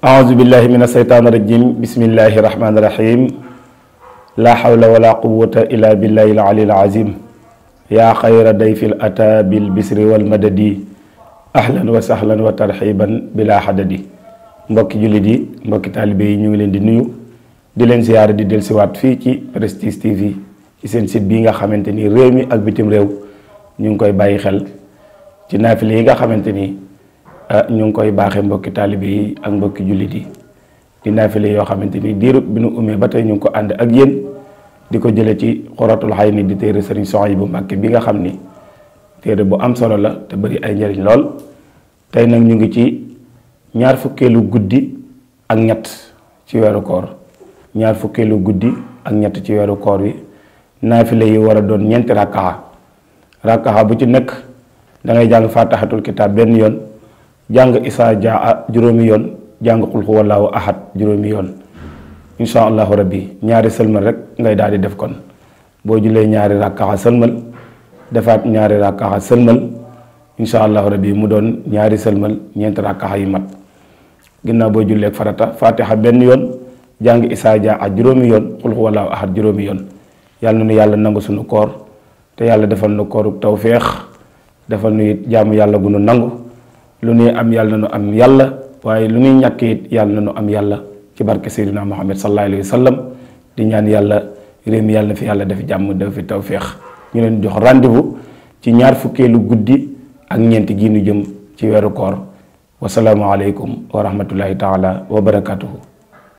أعوذ بالله من الشيطان الرجيم بسم الله الرحمن الرحيم لا حول ولا قوة إلا بالله العلي العظيم يا خير ضيف الأتى بالبسر والمدد أهلا وسهلا وترحيبا بلا حدد مبكي جلدي مبكي طالبي نيو لين دي نيو دي لين زيارة دي دل سوات في كي برستيس تي في كي سين سيت بيغا خامنتيني ريمي اك بيتم ريو نيو كوي باي خل تي نافلي خامنتيني Eh, ñu ngi koy baaxee mbokki taalibe yi ak mbokki jullit yi di naafile yoo xamante ni diirub bi nu umee ba tey ñu ko ànd ak yéen di ko jële ci xoratul xay di téere sëriñ bu Mbacké bi nga xam ni téere bu am solo la te bari ay njariñ lool tey nag ñu ngi ci ñaar fukkeelu guddi ak ñett ci weeru koor ñaar fukkeelu guddi ak ñett ci weeru koor wi naafile yi war a doon ñeenti rakkaxa rakkaxa bu ci nekk da ngay jàng fatahatul kitaab benn yoon jàng isaa jaa juróomi yoon jàng xul xu wallaahu ahad juróomi yoon insha allahu rabbi ñaari sëlmal ngay daal di def kon boo julee ñaari ràkkaxa sëlmal defaat ñaari ràkkaxa sëlmal insha allahu rabbi mu doon ñaari sëlmal ñeenti ràkkaxa yi mat ginnaaw boo jullee ak farata fatiha benn yoon jàng isaa ak juróomi yoon xul ahad juróomi yoon yàlla nu yàlla nangu suñu koor te yàlla defal nu kooruk tawféex defal nu it jaamu yàlla gu nu nangu lu nuy am yàlla na nu am yàlla waaye lu nuy ñàkk it yàlla na nu am yàlla ci barke Seydina Muhammad sallallahu alayhi wa sallam di ñaan yàlla réew mi yàlla na fi yàlla def jàmm def fi tawféex ñu leen jox rendez-vous ci ñaar fukkeelu guddi ak ñeenti gi nu jëm ci weeru koor wasalaamualeykum wa rahmatullahi taala wa barakatuhu